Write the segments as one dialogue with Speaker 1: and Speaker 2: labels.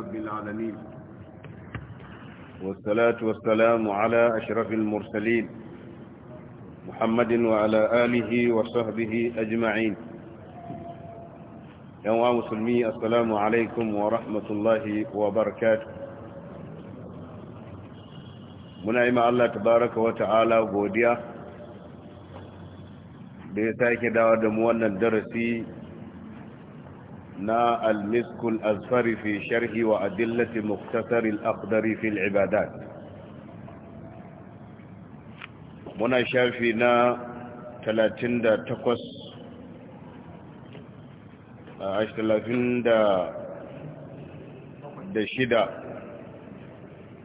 Speaker 1: رب العالمين والصلاة والسلام على أشرف المرسلين محمد وعلى آله وصحبه أجمعين يوم مسلمي السلام عليكم ورحمة الله وبركاته muna yi Allah tabaraka wa ta'ala godiya da ya sake dawo da mu wannan darasi نا المسك الأزفر في شرح وأدلة مختصر الأقدر في العبادات muna shafi na 38 a 36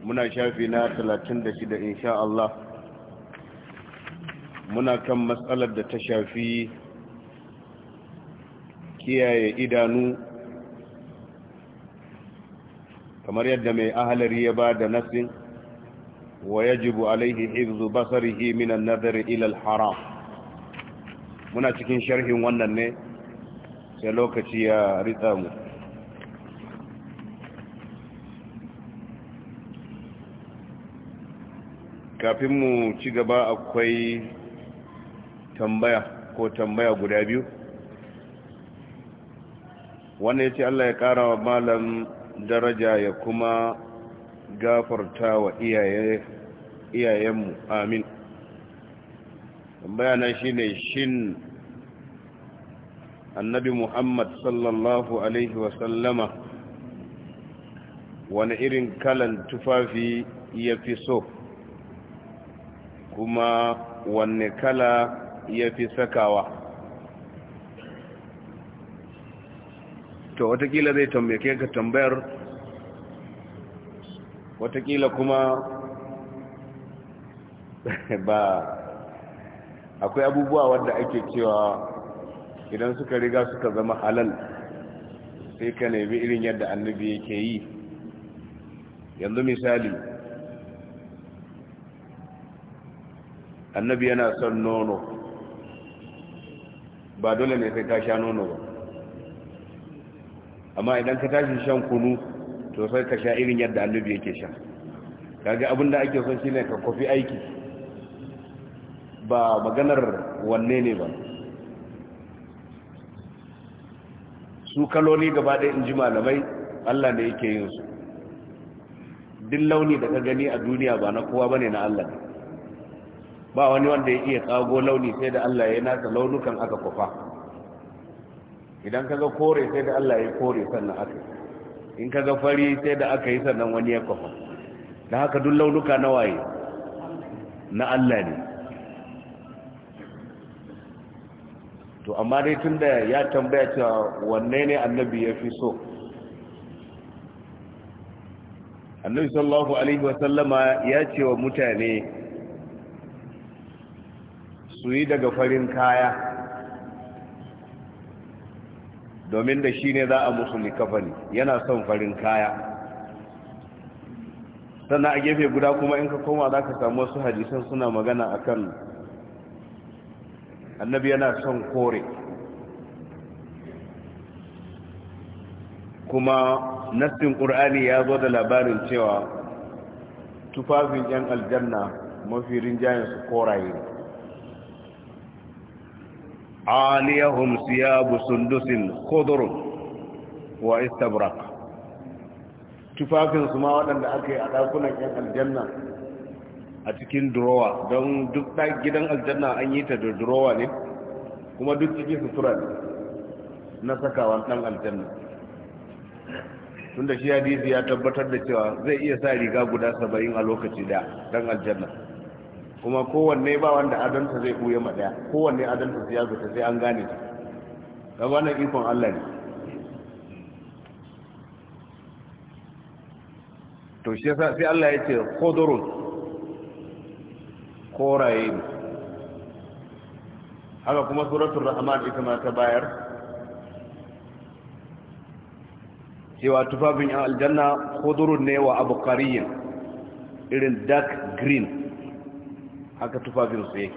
Speaker 1: muna shafi na 36 insha Allah muna kan matsalar da ta shafi kiyaye idanu kamar yadda mai ahalari ya ba da nasin wa yajibu alaihi hifzu basarihi minan nazari ilal haram muna cikin sharhin wannan ne sai lokaci ya ritsa mu kafin mu ci gaba akwai tambaya ko tambaya guda biyu Wani ya ce Allah ya ƙara wa malam daraja ya kuma gafarta wa iyayenmu amin bayanan shi ne shin annabi muhammad sallallahu alaihi wasallama wani irin kalan tufafi ya fi so kuma wanne kala ya fi sakawa to watakila zai tambake ka tambayar watakila kuma ba akwai abubuwa wadda ake cewa idan suka riga suka zama halal sai ka nemi irin yadda annabi yake yi yanzu misali annabi yana son nono ba dole ne sai ka sha nono ba amma idan ka tashi shan kunu to sai ka sha irin yadda annabi yake sha kaga abin da ake son shine ka kofi aiki ba maganar wanne ne ba su kaloli gaba ɗaya in ji malamai allah ne yake yin su din launi da ka gani a duniya ba na kowa bane na allah ba wani wanda ya iya tsago launi sai da allah ya yi nasa launukan aka kofa idan ka ga kore sai da Allah ya kore sannan aka in ka ga fari sai da aka yi sannan wani ya kwafa da haka duk launuka na waye na Allah ne to amma dai tun da ya tambaya cewa wanne ne annabi ya fi so annabi sallallahu alaihi wasallama ya ce wa mutane su yi daga farin kaya domin da shi ne za a musu likafani yana son farin kaya sannan a gefe guda kuma in ka koma za ka samu wasu hadisan suna magana a akan annabi yana son kore kuma nassin ƙur'ani ya zo da labarin cewa tufafin 'yan aljanna mafi rinjayen su koraye عاليهم siyabu سندس خضر wa istabrak سما ma waɗanda aka yi a dakunan yan aljanna a cikin durowa don duk gidan aljanna an yi ta da durowa ne kuma duk su sutura ne na sakawan ɗan aljanna tunda shi hadisi ya tabbatar da cewa zai iya sa riga guda saba'in a lokaci da ɗan aljanna kuma kowanne ba wanda adanta zai buye ma daya kowanne adanta zai ya zuta sai an gane ta ga wannan ikon Allah ne to shi yasa sai Allah ya ce khudurun koraye haka kuma suratul rahman ita ma ta bayar cewa tufafin aljanna khudurun ne wa abu irin dark green haka tufafinsu yake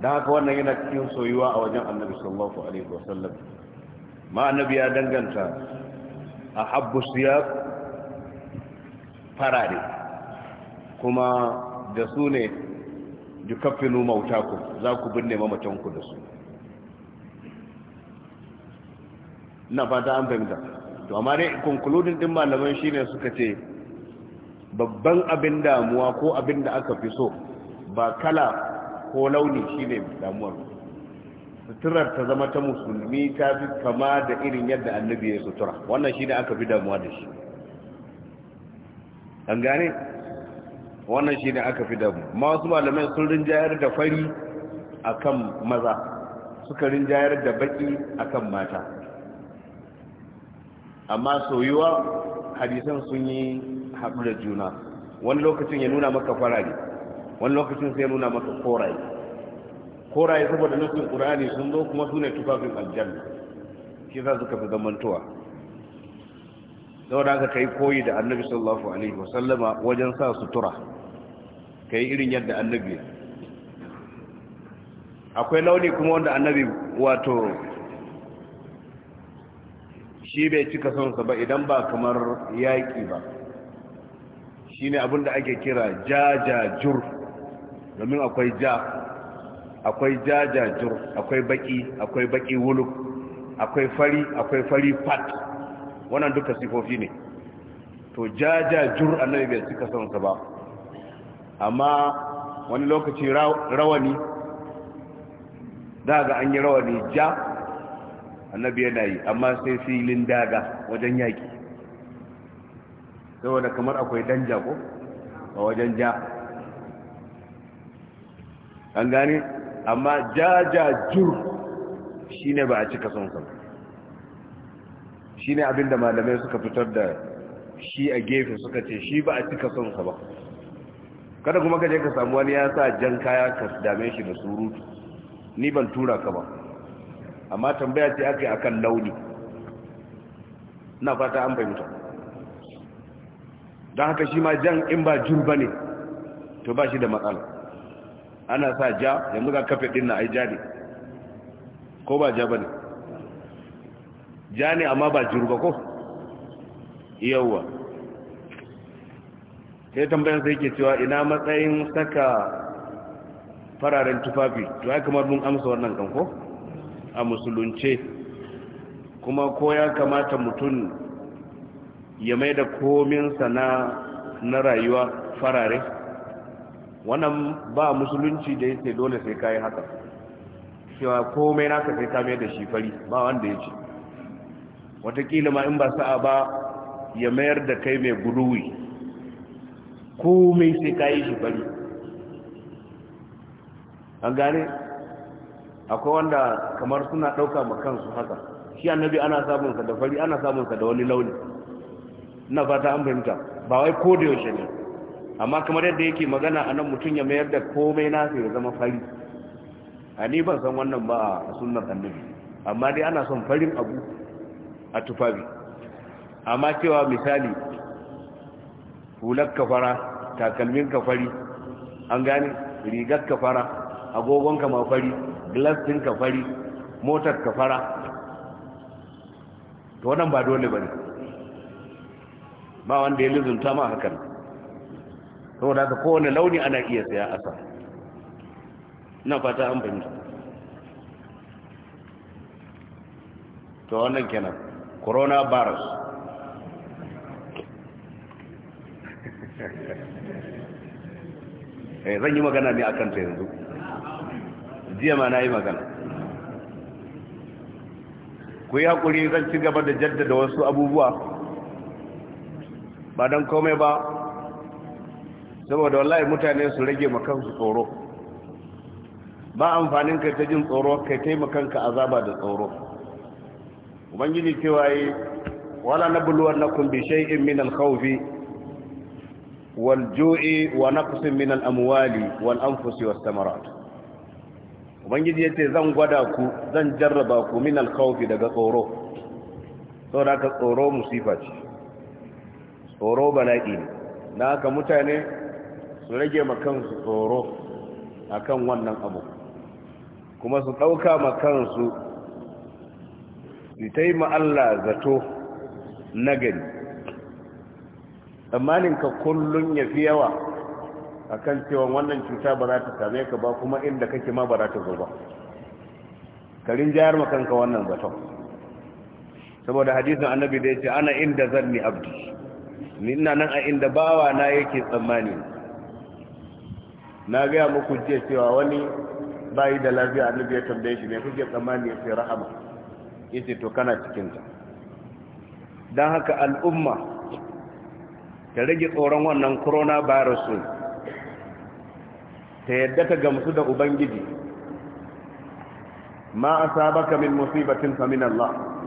Speaker 1: da haka wannan yana cikin soyuwa a wajen annabi sallallahu alaihi wasallam ma annabi ya danganta a habbu siyaf farare kuma da su ne dukaffinu mautaku za ku binne mamatanku da su na fata an fahimta to amma ne concluding din malaman shine suka ce babban abin damuwa ko abin da aka fi so ba kala ko launi shi ne damuwar suturar ta zama ta musulmi ta fi kama da irin yadda annabi ya sutura wannan shi ne aka fi damuwa da shi an gane wannan shi ne aka fi damu masu malamai sun rinjayar da fari akan maza suka rinjayar da baki akan mata amma soyuwa hadisan sun yi haɗu da juna wani lokacin ya nuna maka farare wani lokacin sai ya nuna maka koraye koraye saboda nufin ƙur'ani sun zo kuma su ne tufafin aljanna shi za su kafa zamantowa saboda ka yi koyi da annabi sallallahu alaihi wasallama wajen sa sutura Ka yi irin yadda annabi akwai launi kuma wanda annabi wato shi bai cika son sa ba idan ba kamar yaƙi ba shi abin da ake kira jajajur domin akwai ja akwai jajajur akwai baki akwai baki wulu akwai fari akwai fari fat wannan duka sifofi ne to jajajur annabi bai suka son sa ba amma wani lokaci rawani daga an yi rawani ja annabi yana yi amma sai filin daga wajen yaki saboda kamar akwai dan jago a wajen ja an gani amma jur shi ne ba a cika son sa shi ne abinda malamai suka fitar da shi a gefe suka ce shi ba a cika son sa ba kada kuma kaje ka samu wani ya sa jan kaya ka dame shi da surutu ni ban tura ka ba amma tambaya ce aka yi akan launi na fata an bai fahimta don haka shi ma jan in ba jur ba ne to ba shi da matsala ana sa ja yanzu ga kafe ɗin na ai ja ne ko ba ja ba ne ja ne amma ba jur ba ko yauwa sai tambayar sai ke cewa ina matsayin saka fararen tufafi to ya kamar mun amsa wannan kanko a musulunce kuma ko ya kamata mutum ya mai da kominsa na na rayuwa farare wannan ba musulunci da yake dole sai kayi haka cewa komai naka sai ka mai da shi fari ba wanda ya ce watakila ma in ba sa'a ba ya mayar da kai mai guruwi komai sai kayi shi fari an gane akwai wanda kamar suna ɗauka ma kansu haka shi annabi ana samunsa da fari ana samunsa da wani launi na ba an fahimta ba wai ko da yaushe ne amma kamar yadda yake magana a nan mutum ya mayar da komai na ya zama fari a ni ban san wannan ba a sunan annabi amma dai ana son farin abu a tufafi amma cewa misali hular kafara takalmin kafari an gane rigar kafara agogon kama fari glasin kafari motar kafara to wannan ba dole ba ne ba wanda ya lizunta ma hakan saboda haka kowane launi ana iya saya asa ina fata an fahimta to wannan kenan virus eh zan yi magana ne akan ta yanzu jiya ma na yi magana ku yi haƙuri zan ci gaba da jaddada wasu abubuwa ba don komai ba saboda wallahi mutane su rage makansu tsoro ba amfanin kai ta jin tsoro kai taimakanka azaba da tsoro ubangiji cewa yi wala na buluwar na kumbi shai'in minan haufi, wal ju'i wa na kusin minan amuwali wal fusi wasu samarat ubangiji ce zan gwada ku zan jarraba ku minan haufi daga tsoro da ka tsoro musifa ce tsoro bala'i ne na haka mutane su rage makansu tsoro a kan wannan abu kuma su ɗauka makansu su ta yi ma'alla zato na Tsammanin tsammaninka kullum ya fi yawa a kan cewa wannan cuta ba za ta same ka ba kuma inda kake ma ba za ta zo ba karin jayar makanka wannan zaton saboda hadisin annabi da ya ce ana inda zan ni abdi ni ina nan a inda bawa na yake tsammani na gaya muku jiya cewa wani bayi da lafiya annabi ya tambaye shi ne kuke tsammani ya ce rahama yace to kana cikin ta dan haka al'umma ta rage tsoron wannan corona virus ta yadda ta gamsu da ubangiji ma asabaka min musibatin fa min Allah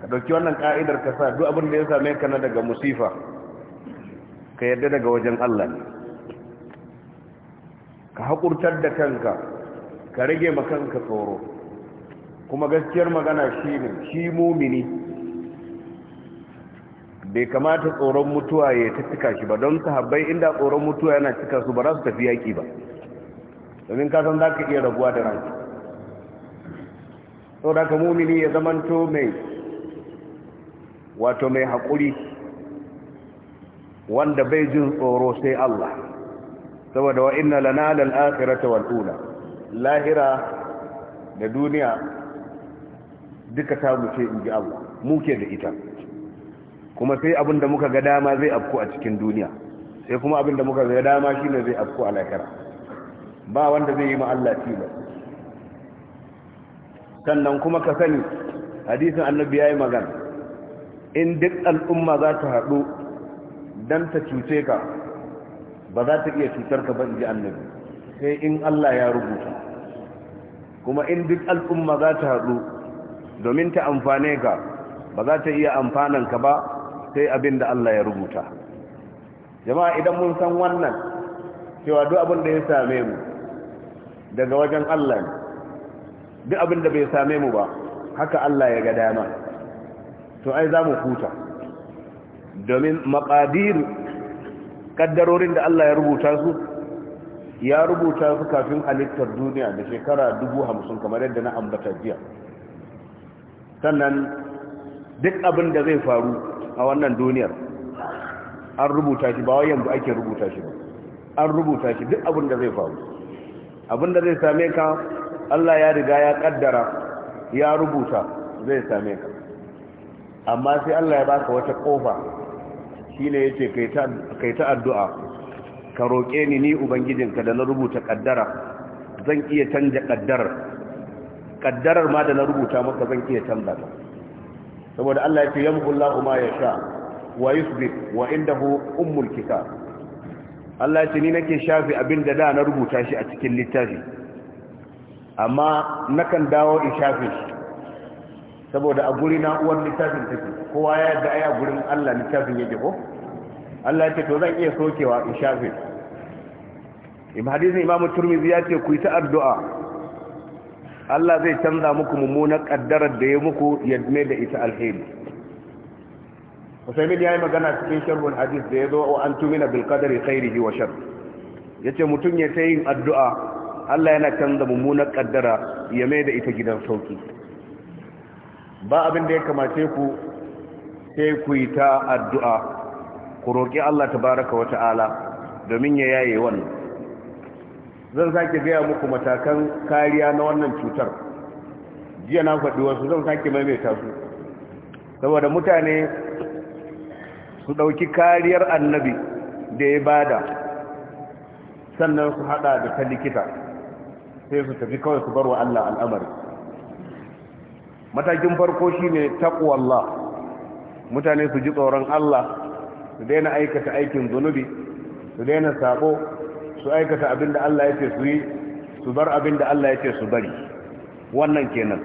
Speaker 1: ka ɗauki wannan ka'idar ka sa duk abin da ya same ka na daga musifa ka yarda daga wajen Allah ne ka haƙurtar da kanka ka rage ma kanka tsoro kuma gaskiyar magana shi ne shi mumini bai kamata tsoron mutuwa ya ta cika shi ba don habbai inda tsoron mutuwa yana cika su ba za su tafi yaƙi ba domin kasan za ka iya raguwa da ranka sau ka mumini ya zamanto mai wato mai haƙuri wanda bai jin tsoro sai Allah saboda wa inna lana lal akhirata wal ula lahira da duniya duka ta muce inji Allah muke da ita kuma sai abinda muka ga dama zai afku a cikin duniya sai kuma abinda muka ga dama shine zai afku a lahira ba wanda zai yi ma Allah tilas sannan kuma ka sani hadisin annabi yayi magana in duk al'umma za ta haɗu don ta cuce ka ba za ta iya cutar ka ba in ji annabi sai in Allah ya rubuta kuma in duk al'umma za ta haɗu domin ta amfane ka ba za ta iya amfanan ka ba sai abin da Allah ya rubuta jama'a idan mun san wannan cewa duk abin da ya same mu daga wajen Allah ne duk abin da bai same mu ba haka Allah ya ga dama to ai za mu huta domin maƙadir kaddarorin da Allah ya rubuta su ya rubuta su kafin halittar duniya da shekara dubu hamsin kamar yadda na ambata jiya sannan duk abin da zai faru a wannan duniyar an rubuta shi ba yanzu ake rubuta shi ba an rubuta shi duk abin da zai faru abin da zai same ka Allah ya riga ya kaddara, ya rubuta zai same ka amma sai Allah ya baka wata kofa shine yace kai ta kai ta addu'a ka roke ni ni ubangijinka da na rubuta kaddara zan iya canja kaddarar kaddarar ma da na rubuta maka zan iya canza ta saboda Allah yace yamhullahu ma yasha wa yusbit wa indahu ummul kitab Allah yace ni nake shafi abinda da da na rubuta shi a cikin littafi amma nakan dawo in shafe shi saboda a guri na uwar littafin take kowa ya yadda ai a gurin Allah littafin yake ko Allah ya ce to zan iya sokewa in shafe im hadisin imamu turmizi ya ce ku yi ta addu'a Allah zai canza muku mummunar kaddarar da ya muku ya mai da ita alheri Usaimin ya yi magana cikin sharhun hadis da ya zo wa an tumina bil qadari khairihi wa shar yace mutum ya ta yin addu'a Allah yana canza mummunar kaddara ya mai da ita gidan sauki ba abin da ya kamace ku sai ku yi ta addu'a ku roƙi Allah tabaraka wa ta'ala domin ya yaye wannan zan sake gaya muku matakan kariya na wannan cutar jiya na faɗi wasu zan sake maimaita su saboda mutane su ɗauki kariyar annabi da ya bada sannan su haɗa da ta likita sai su tafi kawai su bar wa Allah al'amari matakin farko shi ne taqwallah mutane su ji tsoron Allah su daina aikata aikin zunubi su daina saƙo su aikata abin da Allah ya ce su yi su bar abin da Allah ya ce su bari wannan kenan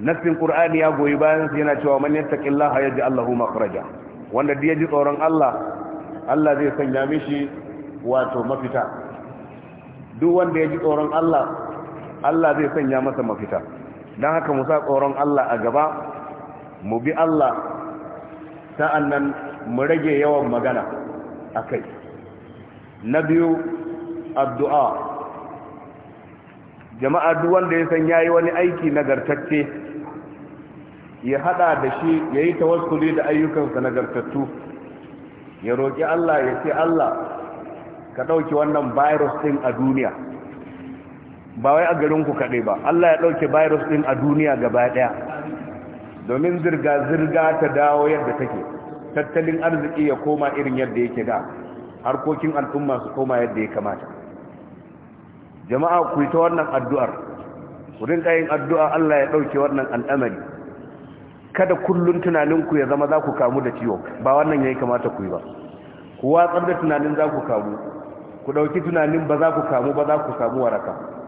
Speaker 1: nassin qur'ani ya goyi bayan su yana cewa man yattaqillaha ji lahu makhraja wanda da ji tsoron Allah Allah zai sanya mishi wato mafita duk wanda ya ji tsoron Allah Allah zai sanya masa mafita don haka mu sa tsoron Allah a gaba mu bi Allah sa'annan mu rage yawan magana a kai na biyu addu'a jama'a duk wanda ya san yayi wani aiki nagartacce ya hada da shi ya yi tawaskuli da ayyukansa nagartattu ya roƙi Allah ya ce Allah ka ɗauki wannan virus ɗin a duniya ba wai a garinku kaɗai ba Allah ya ɗauke virus ɗin a duniya gaba ɗaya domin zirga-zirga ta dawo yadda take tattalin arziki ya koma irin yadda yake da harkokin al'umma su koma yadda ya kamata jama'a ku yi ta wannan addu'ar ku rinka yin addu'a Allah ya ɗauke wannan al'amari kada kullum tunaninku ya zama za ku kamu da ciwo ba wannan ya kamata ku yi ba ku watsar da tunanin za ku kamu ku ɗauki tunanin ba za ku kamu ba za ku samu waraka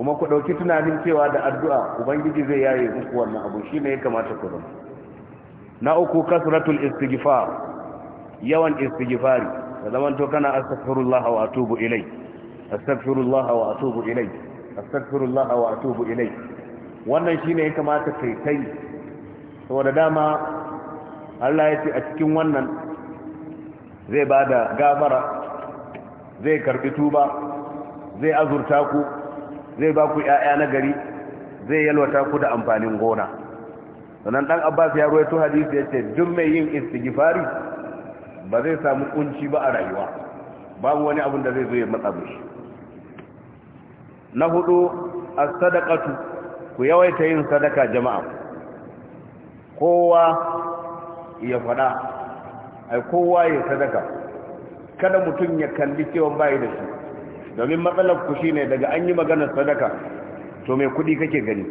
Speaker 1: kuma ku ɗauki tunanin cewa da addu'a ubangiji zai yaye muku wannan abu shi ne ya kamata ku zama na uku kasratul istighfar yawan istighfari da zaman to kana astaghfirullah wa atubu ilai astaghfirullah wa atubu ilai astaghfirullah wa atubu ilai wannan shi ne ya kamata kai kai saboda dama Allah ya ce a cikin wannan zai bada gafara zai karbi tuba zai azurta ku zai ba ku ‘ya'ya na gari zai yalwata ku da amfanin gona sannan ɗan abbas ya ruwaito hadisi ya ce duk mai yin istighfari ba zai samu kunci ba a rayuwa babu wani abin da zai zo ya matsa mishi na hudu a sadakatu ku yawaita yin sadaka jama'a kowa ya faɗa ai kowa ya sadaka kada mutum ya kalli cewa bai da shi domin matsalar ku shine daga an yi maganar sadaka to mai kuɗi kake gani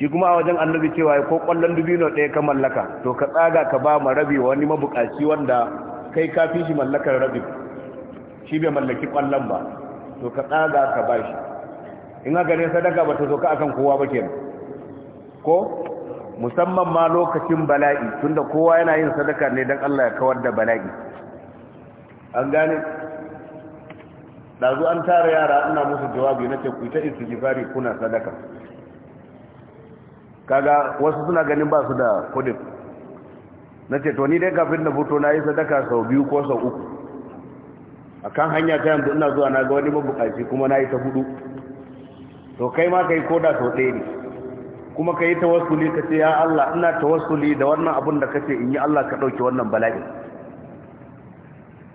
Speaker 1: shi kuma a wajen annabi cewa ko kwallon dubino ɗaya ka mallaka to ka tsaga ka ba ma rabi wani mabukaci wanda kai ka fi shi mallakar rabi shi bai mallaki kwallon ba to ka tsaga ka ba shi in haka ne sadaka ba ta zo ka akan kowa ba kenan ko musamman ma lokacin bala'i tunda kowa yana yin sadaka ne don Allah ya kawar da bala'i an gane ɗazu an tara yara ina musu jawabi na ce ku ta istighfari kuna sadaka kaga wasu suna ganin ba su da kudin na ce to ni dai kafin na buto na yi sadaka sau biyu ko sau uku a kan hanya ta yanzu ina zuwa na ga wani mabukaci kuma na yi ta hudu to kai ma ka yi koda sau ɗaya ne kuma ka yi tawassuli ka ce ya Allah ina ta tawassuli da wannan abin da kace in yi Allah ka ɗauki wannan balai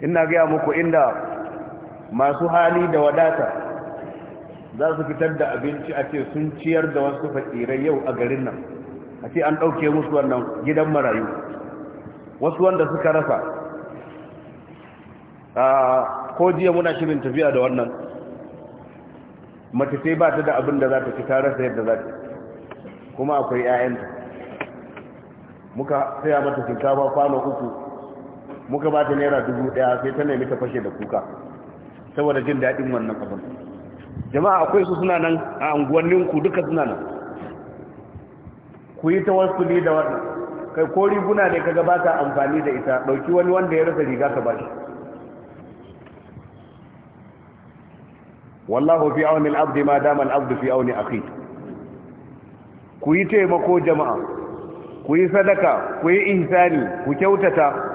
Speaker 1: ina gaya muku inda masu hali da wadata za su fitar da abinci a ce sun ciyar da wasu fakirai yau a garin nan a ce an ɗauke musu wannan gidan marayu wasu wanda suka rasa ko jiya muna shirin tafiya da wannan mace sai ba ta da abin da za ta ci ta rasa yadda za ta kuma akwai 'ya'yanta muka saya mata shinkafa kwano uku muka ba ta naira dubu ɗaya sai ta nemi ta fashe da kuka saboda jin daɗin wannan abin jama'a akwai su suna nan a unguwanninku duka suna nan ku yi ta wasu ne da wannan kai ko riguna ne kaga ba ta amfani da ita ɗauki wani wanda ya rasa riga ka ba shi wallahu fi auni al'abdi abdi ma dama al'abdi abdu fi auni akhi ku yi taimako jama'a ku yi sadaka ku yi ihsani ku kyautata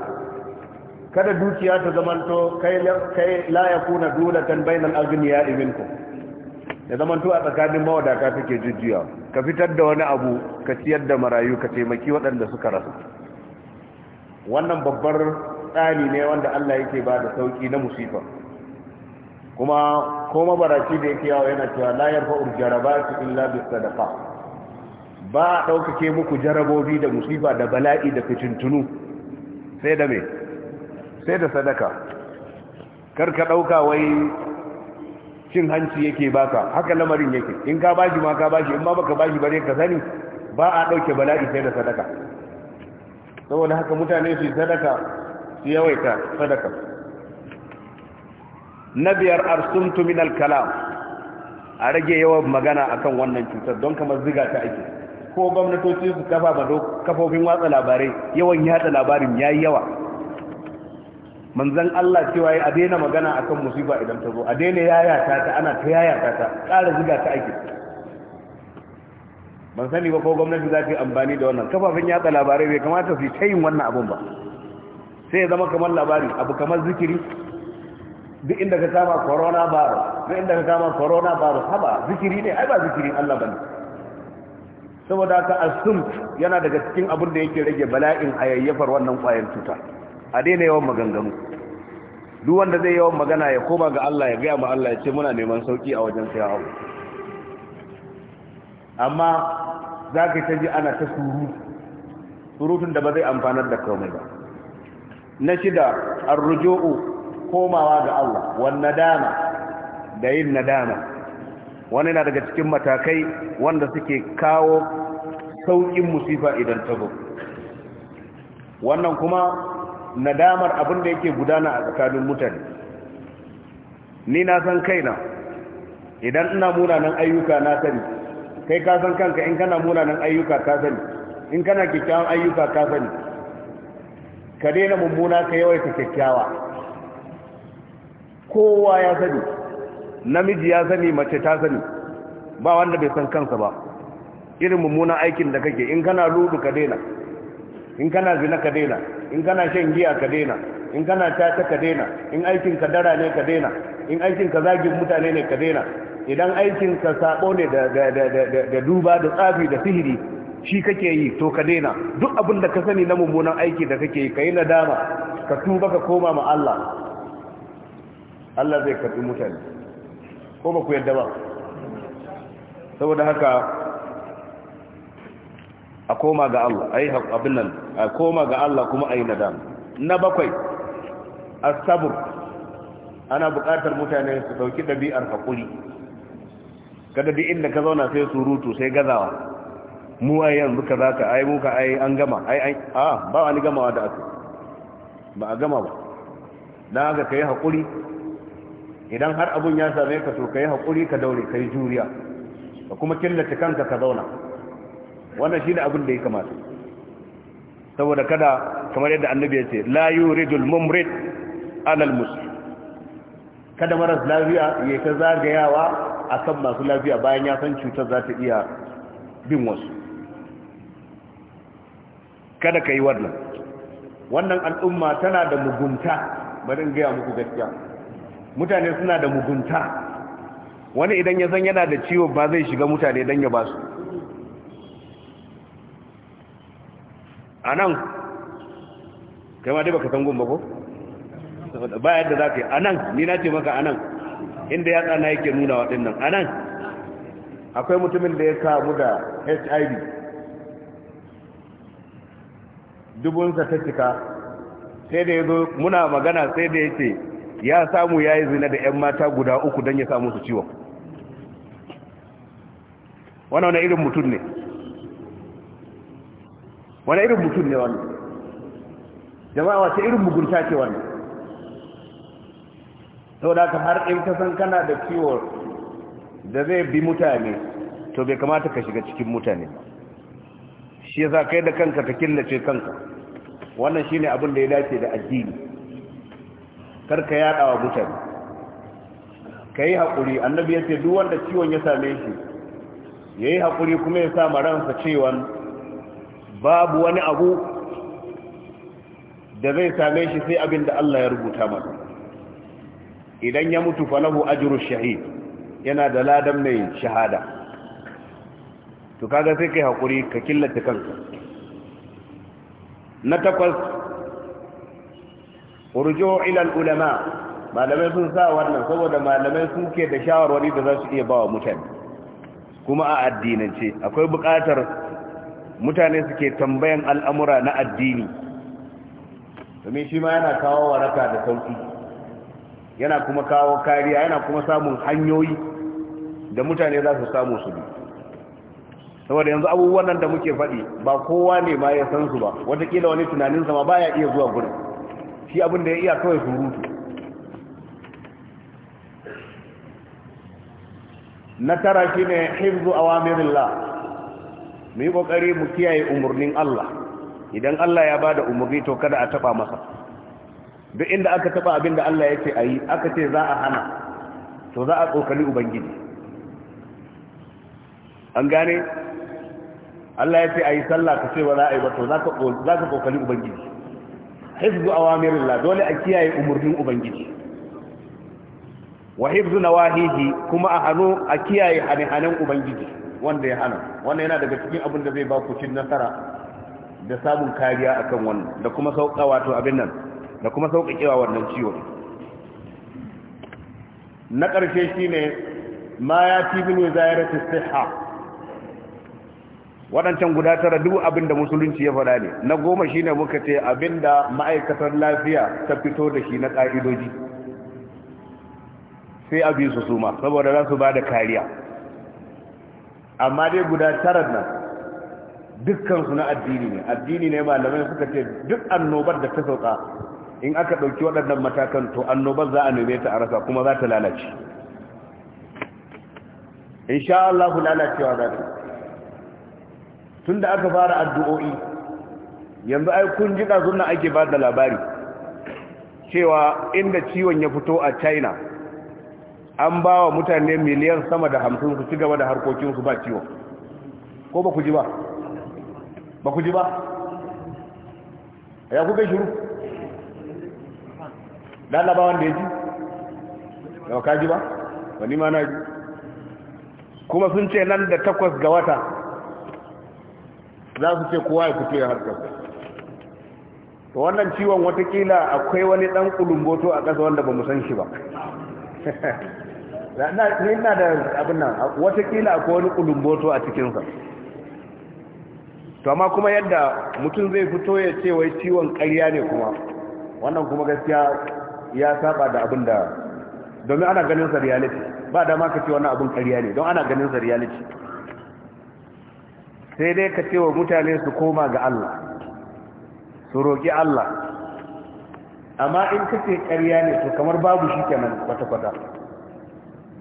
Speaker 1: kada dukiya ta zamanto kai kai la yakuna dulatan bainal aghniya minkum ya zamanto a tsakanin mawadata take jujjuya ka fitar da wani abu ka ciyar da marayu ka taimaki waɗanda suka rasa. wannan babbar tsari ne wanda Allah yake ba da sauki na musifa kuma ko mabaraci da yake yawo yana cewa la yarfa'u jarabatu illa bis sadaqa ba ɗaukake muku jarabobi da musifa da bala'i da fitintunu sai da me sai da sadaka kar ka ɗauka wai cin hanci yake baka haka lamarin yake in ka bashi ma ka bashi in ma baka bashi bare ka sani ba a dauke bala'i sai da sadaka saboda haka mutane su sadaka su yawaita sadaka na biyar arsumtu min al a rage yawan magana akan wannan cutar don kamar ziga ta ake ko gwamnatoci su kafa kafofin watsa labarai yawan yada labarin yayi yawa manzan Allah cewa ya daina magana akan musiba idan ta zo a daina yayata ta ana ta yaya ta ƙara ziga ta ake ban sani ba ko gwamnati za ta yi amfani da wannan kafafen yatsa labarai bai kamata su ta yin wannan abun ba sai ya zama kamar labari abu kamar zikiri duk inda ka kama corona virus duk inda ka kama corona virus haba zikiri ne ai ba zikirin Allah bane saboda ka asum yana daga cikin abin da yake rage bala'in hayayyafar wannan kwayar cuta a daina yawan maganganu duk wanda zai yawan magana ya koma ga Allah ya gaya ma Allah ya ce muna neman sauki a wajen siya abu amma za ka ta ana ta surutu surutun da ba zai amfanar da komai ba na shida an rujo'u komawa ga Allah Wannan dama da yin nadama wani na daga cikin matakai wanda suke kawo sauƙin musifa idan ta wannan kuma nadamar abin da yake gudana a tsakanin mutane ni na san kaina idan ina munanan ayyuka na sani kai ka san kanka in kana munanan ayyuka ka sani in kana kyakkyawan ayyuka ka sani ka daina mummuna ka yawaita kyakkyawa kowa ya sani namiji ya sani mace ta sani ba wanda bai san kansa ba irin mummunan aikin da kake in kana ludu ka daina in kana zina ka daina in kana shan giya ka daina in kana tata ka daina in aikin ka dara ne ka daina in aikin ka zagin mutane ne ka daina idan aikin ka sabo ne da da duba da tsafi da sihiri shi kake yi to ka daina duk abin da ka sani na mummunan aiki da kake yi kai nadama ka tuba ka koma ma Allah Allah zai karbi mutane ko ba ku yadda ba saboda haka a koma ga Allah ai abin nan a koma ga Allah kuma ai nadam na bakwai sabu ana buƙatar mutane su dauki dabi'ar hakuri kada duk inda ka zauna sai surutu sai gazawa mu ai yanzu ka zaka ai mu ka ai an gama ai ai a ba wani gamawa da aka ba a gama ba dan haka kai hakuri idan har abun ya same ka to kai hakuri ka daure kai juriya ka kuma killace kanka ka zauna wannan shine abin da ya kamata saboda kada kamar yadda annabi ya ce la yuridul mumrid alal muslim kada maras lafiya ya ta zagayawa a kan masu lafiya bayan ya san cutar za ta iya bin wasu kada ka yi wannan wannan al'umma tana da mugunta bari in gaya muku gaskiya mutane suna da mugunta wani idan ya san yana da ciwo ba zai shiga mutane don ya ba su a nan kai ma dai baka san gumba ko ba yadda za ka yi a nan ni na ce maka a nan inda ya tsana yake nuna waɗannan a nan akwai mutumin da ya kamu da hiv dubunsa ta cika sai da ya muna magana sai da ya ya samu ya yi zina da 'yan mata guda uku don ya samu su ciwo. wannan wani irin mutum ne wani irin mutum ne wani? jama'a wata irin mugunta ce wani. sau da ka har in kasan kana da ciwo da zai bi mutane to bai kamata ka shiga cikin mutane shi ya kai da kanka ka killace kanka wannan shi ne abin da ya dace da addini karka yada wa mutane ka yi haƙuri annabi ya ce duk wanda ciwon ya same shi ya yi haƙuri kuma ya sa maransa cewa babu wani abu da zai same shi sai abin da Allah ya rubuta masa idan ya mutu falahu ajru shahid yana da ladan mai shahada to kaga sai kai hakuri ka killace kanka na takwas urjo ila ulama malamai sun sa wannan saboda malamai suke da shawarwari da za su iya ba wa mutane kuma a addinance akwai buƙatar mutane suke tambayan al'amura na addini domin shi ma yana kawo waraka da sauki yana kuma kawo kariya yana kuma samun hanyoyi da mutane za su samu su bi saboda yanzu abubuwan nan da muke faɗi ba kowa ne ma ya san su ba watakila wani tunanin sama ba ya iya zuwa gudun shi abin da ya iya kawai surutu na tara shi ne hifzu awamirillah mu yi kokari mu kiyaye umurnin Allah idan Allah ya bada umurni to kada a taba masa duk inda aka taba abin da Allah ya ce ayi aka ce za a hana to za a kokari ubangiji an gane Allah ya ce ayi sallah ka ce wa za a yi ba to za ka kokari ubangiji hifzu awamirillah dole a kiyaye umurnin ubangiji wa hifzu nawahihi kuma a hano a kiyaye hane-hanen ubangiji wanda ya hana wannan yana daga cikin abin da zai ba ku cin nasara da samun kariya akan wannan da kuma sauka wato abin nan da kuma kewa wannan ciwo na ƙarshe shine ma ya fi bin wazayaratis siha waɗancan guda tara duk abin da musulunci ya faɗa ne na goma shine muka ce abin da ma'aikatar lafiya ta fito da shi na ƙa'idoji sai a bi su suma saboda za su ba da kariya amma dai guda tarar nan dukkansu na addini ne addini ne malamai suka ce duk annobar da ta sauka in aka ɗauki waɗannan matakan to annobar za a neme ta a rasa kuma za ta lalace insha Allah lalacewa za ta tun da aka fara addu'o'i yanzu ai kun ji ɗazun ake ba da labari cewa inda ciwon ya fito a china an ba wa mutane miliyan sama da hamsin su ci gaba da harkokinsu ba ciwo ko ba ku ji ba ba ku ji ba ya kuka shiru lalabawan da ya ji yau ka ji ba wani ma na ji kuma sun ce nan da takwas ga wata za su ce kowa ya fito ya harkarsa to wannan ciwon watakila akwai wani dan kulumboto a ƙasa wanda ba mu san shi ba na ina da abin nan watakila akwai wani kulumboto a cikinsa to amma kuma yadda mutum zai fito ya ce wai ciwon ƙarya ne kuma wannan kuma gaskiya ya saba da abin da domin ana ganin sa reality ba da ma ka ce wannan abin ƙarya ne don ana ganin sa reality sai dai ka ce wa mutane su koma ga Allah su roƙi Allah amma in ka ƙarya ne to kamar babu shi kenan kwata-kwata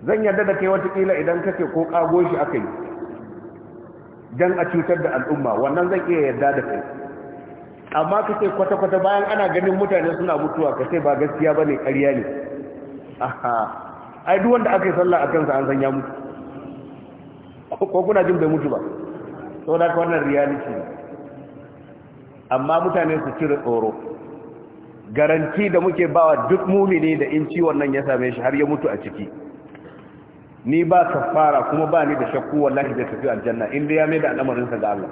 Speaker 1: zan yarda da kai watakila idan kake ko kago shi aka yi don a cutar da al'umma wannan zan iya yarda da kai amma kake kwata-kwata bayan ana ganin mutane suna mutuwa ka ba gaskiya ba ne ƙarya ne ai duk wanda aka yi sallah a kansa an san ya mutu ko kuna jin bai mutu ba sau da ka wannan reality ne amma mutane su cire tsoro garanti da muke bawa duk mumini da in ciwon nan ya same shi har ya mutu a ciki ni ba kafara kuma ba ni da shakku wallahi zai tafi aljanna inda ya mai da al'amarinsa ga Allah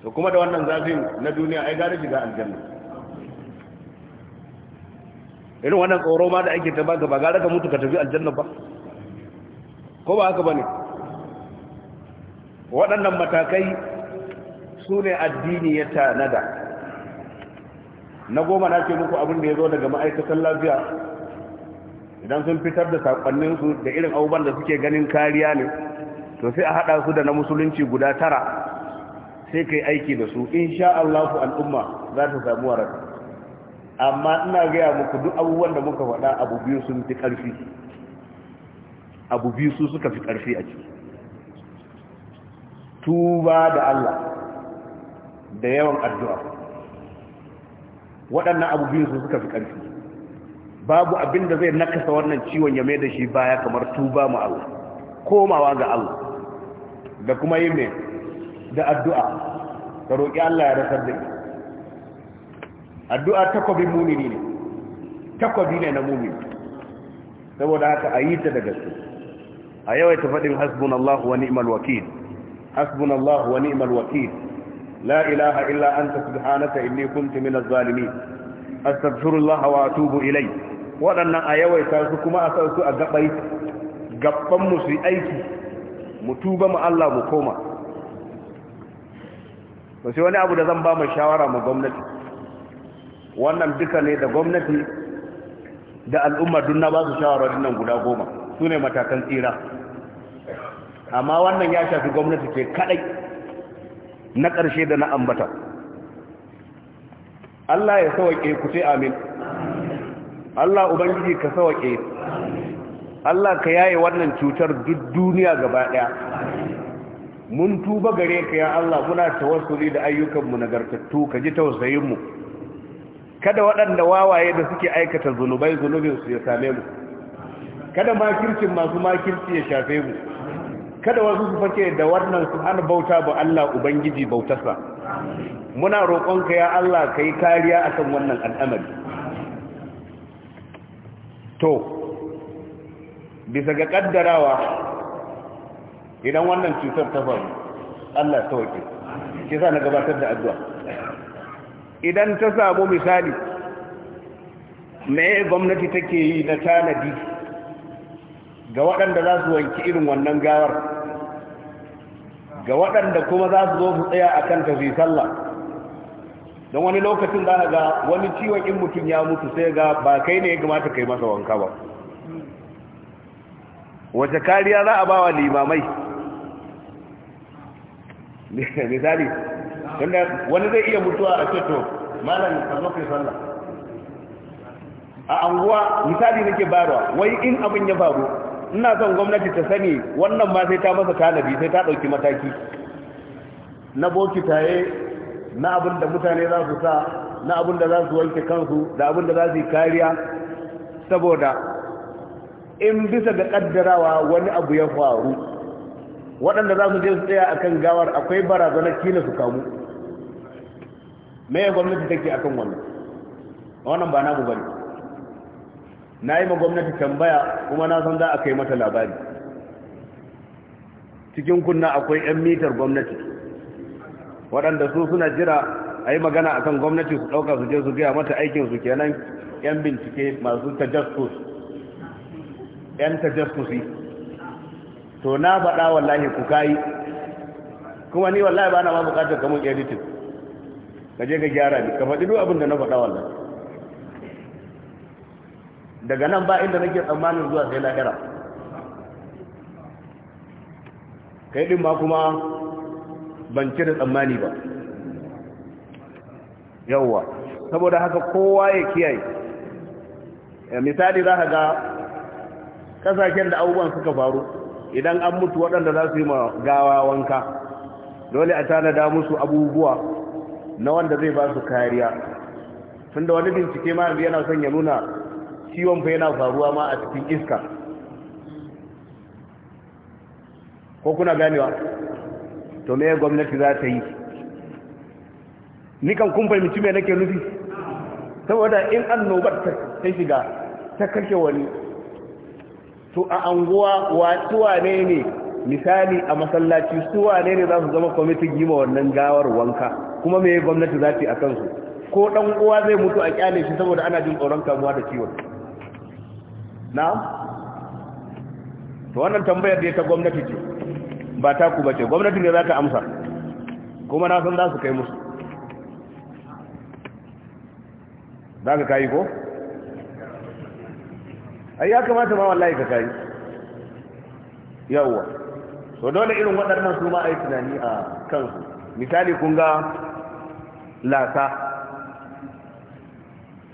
Speaker 1: to kuma da wannan zafin na duniya ai gane shiga aljanna irin wannan tsoro ma da ake ta baka ba gara ka mutu ka tafi aljanna ba ko ba haka bane waɗannan matakai su ne addini ya tanada na goma na ce muku abin da ya zo daga ma'aikatan lafiya idan sun fitar da sakonninsu da irin abubuwan da suke ganin kariya ne to sai a haɗa su da na musulunci guda tara sai kai aiki da su insha Allah ku al'umma za ta samu waraka amma ina gaya muku duk abubuwan da muka faɗa abu biyu sun fi ƙarfi abu biyu su suka fi ƙarfi a ciki tuba da Allah da yawan addu'a waɗannan abu biyu su suka fi ƙarfi babu abin da zai nakasa wannan ciwon ya mai da shi baya kamar tuba mu Allah komawa ga Allah da kuma yi ne da addu'a ka roƙi Allah ya rasar da ni addu'a takobi muni ne Takobi ne na muni. saboda haka a yi ta da gaske a yawaita faɗin Hasbun hasbunallahu wa ni'mal wakil Hasbun hasbunallahu wa ni'mal wakil la ilaha illa an anta subhanaka inni kuntu minaz zalimin astaghfirullah wa atubu ilayk waɗannan a yawaita su kuma a sa a gabai gaban su aiki mu tuba mu Allah mu koma Wasu wani abu da zan ba mu shawara mu gwamnati wannan duka ne da gwamnati da al'umma dunna ba su shawara nan guda goma su ne matakan tsira amma wannan ya shafi gwamnati ce kaɗai na ƙarshe da na ambata Allah ya ke ku sai amin Allah ubangiji ka sawake Allah ka yaye wannan cutar duk duniya gaba daya mun tuba gare ka ya Allah muna tawassuli da ayyukanmu nagartattu ka ji tausayinmu kada waɗanda wawaye da suke aikata zunubai zunubin su ya same mu kada makircin masu makirci ya shafe mu kada wasu su fake da wannan su an bauta ba Allah ubangiji bautarsa muna roƙonka ya Allah kai kariya akan wannan al'amari to bisa ga kaddarawa idan wannan cutar ta faru Allah ta sauke ke sa na gabatar da addu'a idan ta samu misali me gwamnati take yi na tanadi ga waɗanda za su wanki irin wannan gawar ga waɗanda kuma za su zo su tsaya a kan tafi sallah don wani lokacin za ga wani ciwon in mutum ya mutu sai ga ba kai ne ya kamata kai masa wanka ba wace kariya za a ba wa limamai misali wani zai iya mutuwa a ceto malam ka zo sallah a anguwa misali nake barwa wai in abin ya faru ina son gwamnati ta sani wannan ma sai ta masa tanabi sai ta ɗauki mataki na bokitaye na abin da mutane za su sa na abin da za su wanke kansu da abin da za su yi kariya saboda in bisa ga kaddarawa wani abu ya faru waɗanda za su je su tsaya akan gawar akwai barazana kila su kamu me gwamnati take akan wannan wannan ba na namu bane na yi ma gwamnati tambaya kuma na san za a kai mata labari cikin kunna akwai 'yan mitar gwamnati waɗanda su suna jira a yi magana a kan gwamnati su ɗauka su je su gaya mata aikinsu kenan 'yan bincike masu tajaskus 'yan tajaskusi to na faɗa wallahi ku kayi kuma ni wallahi ba na ma bukatar kamun editin ka je ka gyara ni ka faɗi duk abin da na faɗa wallahi daga nan ba inda nake tsammanin zuwa sai lahira kai din ma kuma ban cire tsammani ba yawwa saboda haka kowa ya kiyaye eh, misali za ka ga kasashen da abubuwan suka faru idan an mutu waɗanda za su yi ma gawa wanka dole a tanada musu abubuwa na wanda zai ba su kariya tunda wani bincike ma yana son ya nuna ciwon fa yana faruwa ma a cikin iska ko kuna ganewa to me gwamnati za ta yi ni kan kun fahimci me nake nufi saboda in annobar ta shiga ta kashe wani to a anguwa wa tuwa ne misali a masallaci su ne ne za su zama kwamitin yi ma wannan gawar wanka kuma me gwamnati za ta yi a kansu ko dan uwa zai mutu a kyale shi saboda ana jin tsoron kamuwa da ciwon na'am to wannan tambayar da ta gwamnati ce ba ta ku ce gwamnati ne za ta amsa kuma na san za su kai musu za ka kayi ko? ai ya kamata ma wallahi ka kayi yawwa so dole irin waɗannan su ma a yi tunani a kansu misali kun ga lasa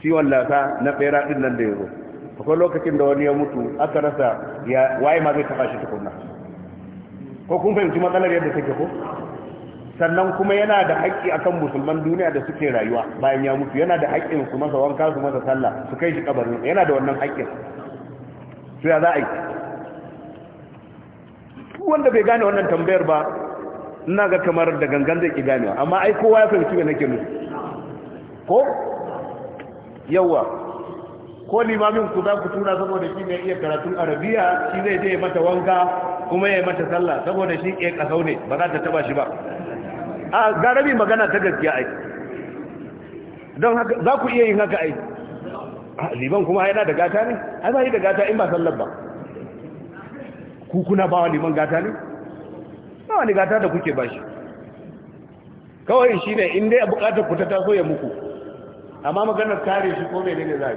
Speaker 1: ciwon lasa na ɓera ɗin nan da ya zo akwai lokacin da wani ya mutu aka rasa waye ma zai taɓa shi tukunan ko kun fahimci matsalar yadda take ko sannan kuma yana da haƙƙi akan musulman duniya da suke rayuwa bayan ya mutu yana da haƙƙin su masa wanka su masa sallah su kai shi kabarin yana da wannan haƙƙin su ya za a yi wanda bai gane wannan tambayar ba ina ga kamar da gangan zai ki ganewa amma ai kowa ya fahimci me nake nufi ko yawa ko limamin ku za ku tura saboda shi ne iya karatun arabiya shi zai je mata wanka kuma ya mata sallah saboda shi ke kasau ne ba za ta taba shi ba a garabi magana ta gaskiya ai don haka za ku iya yin haka ai liban kuma yana da gata ne ai ba yi da gata in ba sallar ba ku kuna ba wa liman gata ne ba wani gata da kuke ba shi kawai shi ne inda ya bukatar ku ta taso ya muku amma maganar kare shi ko mai ne za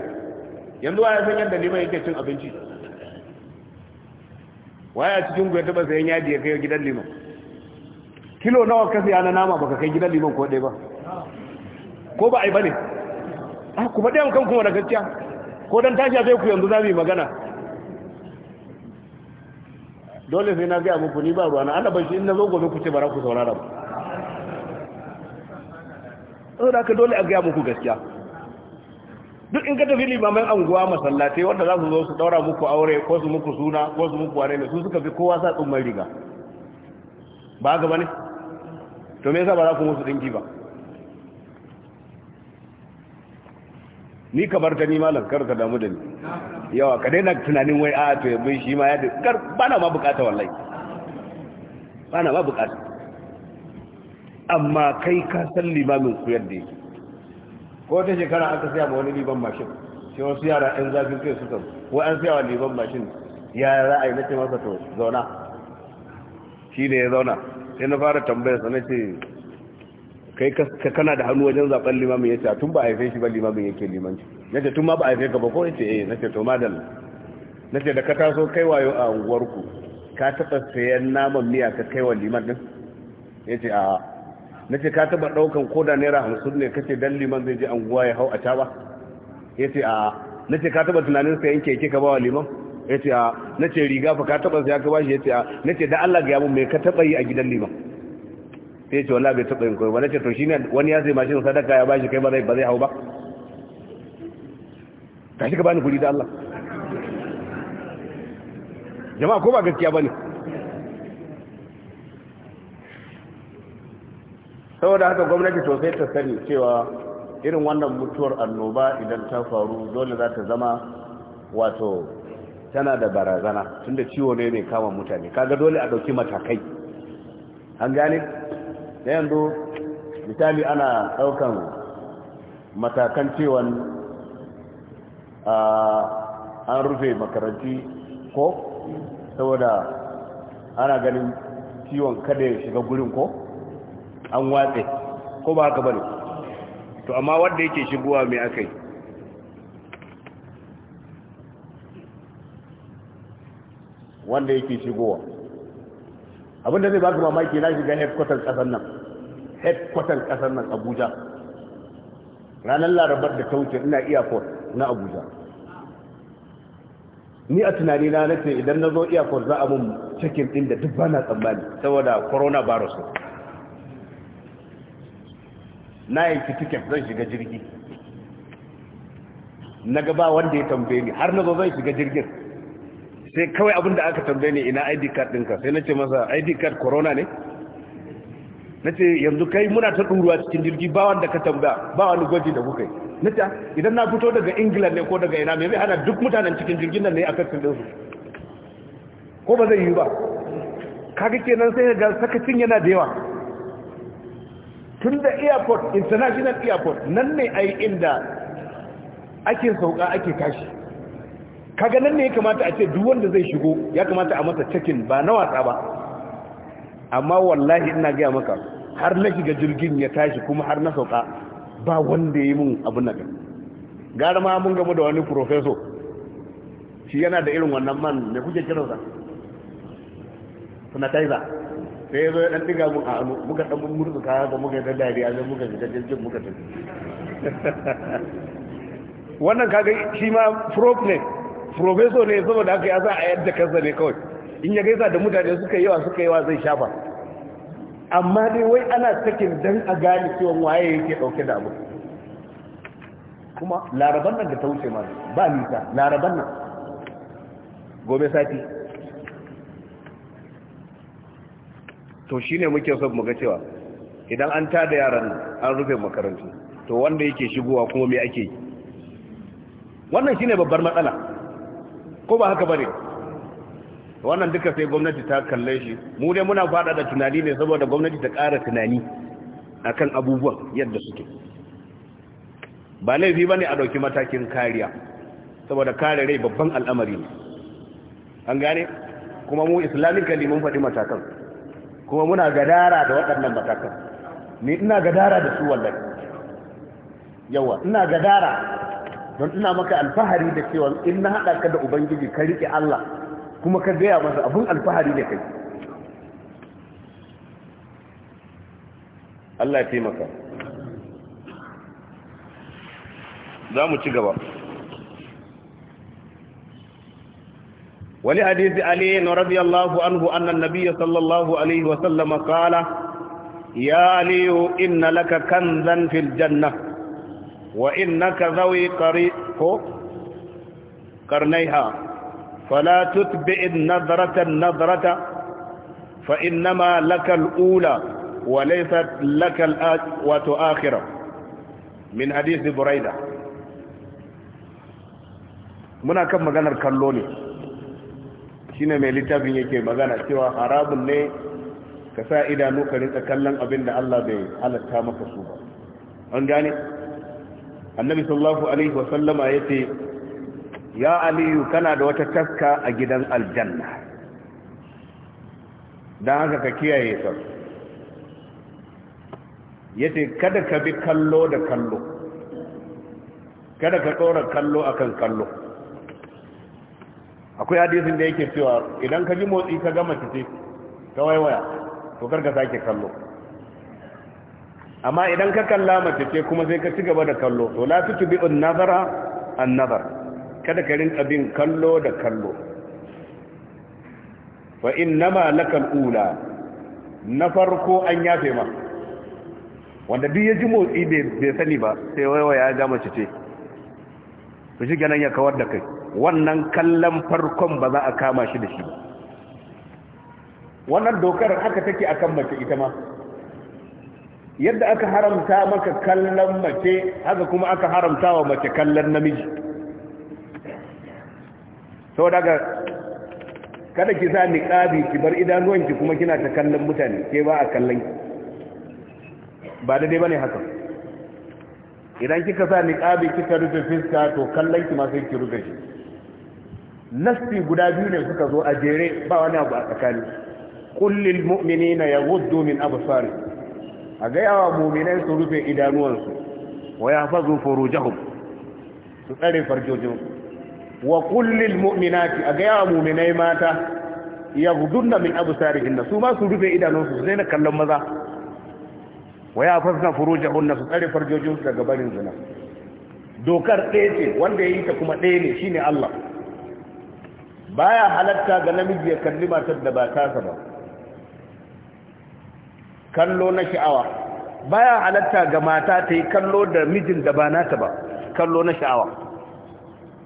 Speaker 1: yanzu wa ya san yadda liman yake cin abinci waya cikin ku ya taba sayan yaji ya kai gidan liman kilo nawa ka siya na nama baka kai gidan liman ko dai ba ko ba ai bane ah kuma dai kan kuma da gaskiya ko dan tashi sai ku yanzu za mu yi magana dole sai na ga muku ni ba ruwana Allah ban shi in na zo gobe ku ce bara ku saurara ba saboda haka dole a gaya muku gaskiya duk in ka tafi limaman anguwa masallate wanda za su zo su daura muku aure ko su muku suna ko su muku wane ne su suka fi kowa sa tsumman riga ba gaba ne to me yasa ba za ku musu dinki ba ni ka bar ta malam kar ka damu da ni yawa ka daina tunanin wai a ah, to yabin shi ma ya da kar na ma bukata wallahi na ma bukata amma kai ka san limamin ku yadda yake ko ta shekara aka siya ma wani liban mashin sai wasu yara yan zafin kai suka ko an siya wa liban mashin ya za a yi na ce masa to zauna shi ne ya zauna sai na fara tambayar sa na ce kai ka kana da hannu wajen zaben limamin ya ce tun ba a haife shi ba limamin yake limanci na ce tun ma ba a haife ka ba ko ya ce eh na ce to madalla na ce da ka taso kai wayo a unguwarku ka taɓa sayan naman miya ka kai wa liman din ya ce a na ce ka taba daukan koda naira hamsin ne kace dan liman zai je anguwa ya hau a caba ya ce a na ce ka taba tunanin sayan keke ka bawa liman ya ce a na ce riga fa ka taba saya ka bashi ya ce a na ce da Allah ga yamu me ka taba yi a gidan liman sai ya ce wallahi bai taba yin koyi ba na ce to shine wani ya zai mashin sadaka ya bashi kai ba zai ba zai hau ba shi ka bani kuɗi da Allah jama'a ko ba gaskiya bane saboda haka gwamnati to sai ta sani cewa irin wannan mutuwar annoba idan ta faru dole za ta zama wato tana da barazana tunda ciwo ne mai kama mutane kaga dole a ɗauki matakai an gane da yanzu misali ana daukan matakan cewa ah, an rufe makaranti ko saboda ana ganin ciwon kada ya shiga gurin ko an watse ko ba haka bane to amma wanda yake shigowa mai akai wanda yake shigowa abinda zai baka mamaki na shiga headquarters kasar nan headquarters kasar nan Abuja ranar larabar da ta wuce ina airport na Abuja ni a tunani na nace idan na zo airport za a mun check-in din da duk bana tsammani saboda coronavirus na yanki tiket zan shiga jirgi na gaba wanda ya tambaye ni har na zo zan shiga jirgin sai kawai abinda da aka tambaye ni ina id card ɗinka sai na ce masa id card corona ne na ce yanzu kai muna ta ɗuruwa cikin jirgi ba wanda ka tambaya ba wani gwaji da kuka yi na ce idan na fito daga ingila ne ko daga ina mai zai hana duk mutanen cikin jirgin nan ne a kasin su? ko ba zai yi ba kaga kenan sai ga sakacin yana da yawa tun da airport international airport nan ne ai inda ake sauka ake tashi kaga nan ne ya kamata a ce duk wanda zai shigo ya kamata a masa cikin ba na wasa ba amma wallahi ina gaya maka har na shiga jirgin ya tashi kuma har na sauka ba wanda ya yi mun abin nan gara ma mun gamu da wani profeso shi yana da irin wannan man ne kuke kiransa taiza sai ya zo ya dan diga mun a hannu muka dan murza kaya ga muka da dariya sai muka fita jirgin muka tafi wannan kaga shi ma prof ne professor ne saboda haka ya sa a yadda kansa ne kawai in ya gaisa da mutane suka yawa suka yawa zai shafa amma dai wai ana sakin dan a gane cewa waye yake dauke da abu kuma laraban nan da ta wuce ma ba nisa laraban nan gobe sati to shi ne muke so mu cewa idan an tada yaran an rufe makarantu to wanda yake shigowa kuma me ake yi wannan shi ne babbar matsala ko ba haka bane wannan duka sai gwamnati ta kalle shi mu dai muna fada da tunani ne saboda gwamnati ta ƙara tunani a kan abubuwan yadda suke ba laifi bane a dauki matakin kariya saboda kare rai babban al'amari ne an gane kuma mu islamically mun faɗi matakan kuma muna gadara da waɗannan matakan ni ina gadara da su wallahi yawa ina gadara don ina maka alfahari da cewa in na haɗa ka da ubangiji ka riƙe Allah kuma ka gaya masa abun alfahari da kai Allah ya taimaka za mu ci gaba ولحديث علي رضي الله عنه أن النبي صلى الله عليه وسلم قال يا علي إن لك كنزا في الجنة وإنك ذوي قريق قرنيها فلا تتبع النظرة النظرة فإنما لك الأولى وليست لك الآخرة من حديث بريدة منا كم maganar kallo shine mai littafin yake magana cewa harabun ne ka sa idanu ka rinka kallon abin da Allah bai halatta maka su ba an gane annabi sallallahu alaihi wa sallama yace ya aliyu kana da wata taska a gidan aljanna dan haka ka kiyaye ta yace kada ka bi kallo da kallo kada ka tsora kallo akan kallo akwai hadisin da yake cewa idan ka ji motsi ka gama fice ta waiwaya to karka sake kallo amma idan ka kalla mace ce kuma sai ka ci gaba da kallo to la tu bi an nazara an nazar kada ka rinka bin kallo da kallo fa innama lakal ula na farko an yafe ma wanda duk ya ji motsi bai sani ba sai waiwaya ga mace ce to shi ganin ya kawar da kai wannan kallon farkon ba za a kama shi da shi ba wannan dokar haka take akan mace ita ma yadda aka haramta maka kallon mace haka kuma aka haramta wa mace kallon namiji sau daga kada ki sa niƙabi ki bar idanuwanki kuma kina ta kallon mutane ke ba a kallon ba da dai bane haka idan kika sa niqabi kika rufe fiska to kallon ki ma sai ki rufe shi nasti guda biyu ne suka zo a jere ba wani abu a tsakani kullil mu'minina yaghuddu min absari a ga yawa mu'minai su rufe idanuwansu wa yahfazu furujahum su tsare farjojin wa kullil mu'minati a ga yawa mu'minai mata yaghudduna min absarihinna su ma su rufe idanuwansu sai na kallon maza wa ya fasna furujahunna su tsare farjojin su daga barin zina dokar ɗaya ce wanda ya yi ta kuma ɗaya ne shine Allah baya halatta ga namiji ya kalli matar da ba tasa ba kallo na sha'awa baya halatta ga mata ta yi kallo da mijin da ba nata ba kallo na sha'awa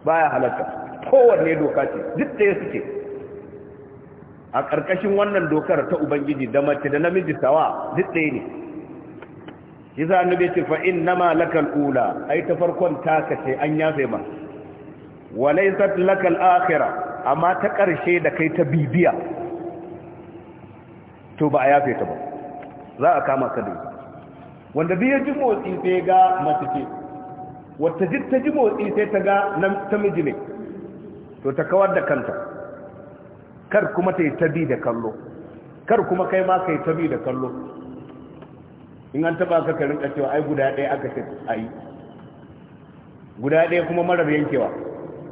Speaker 1: baya halatta kowanne doka ce duk ɗaya suke a ƙarƙashin wannan dokar ta ubangiji da mace da namiji sawa duk ɗaya ne yasa annabi ce fa ma lakal ula ai ta farkon ta kace an yafe ma walaysat lakal akhira amma ta karshe da kai ta bibiya to ba a yafe ta ba za a kama ka dai wanda bi ya ji motsi sai ga mace wata ji ta ji motsi sai ta ga nan ta miji ne to ta kawar da kanta kar kuma ta yi tabi da kallo kar kuma kai ma ka yi tabi da kallo in an taba ka karin cewa ai guda ɗaya aka ce ai guda ɗaya kuma marar yankewa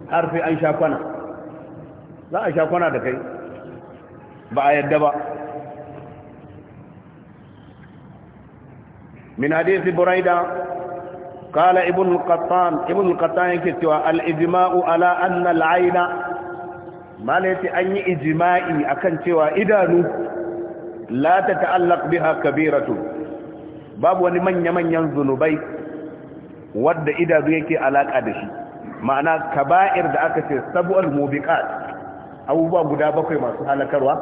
Speaker 1: har sai an sha kwana za a sha kwana da kai ba a yadda ba minadisi buraida kala ibn al-qattan ibn al-qattan yake cewa al-ijma'u ala anna al-ayna malaiti an yi ijma'i akan cewa idanu la ta ta'allaq biha kabiratu babu wani manya-manyan zunubai wadda idanu yake alaka da shi ma'ana kaba'ir da aka ce sabuwar mubiqat abubuwa guda bakwai masu halakarwa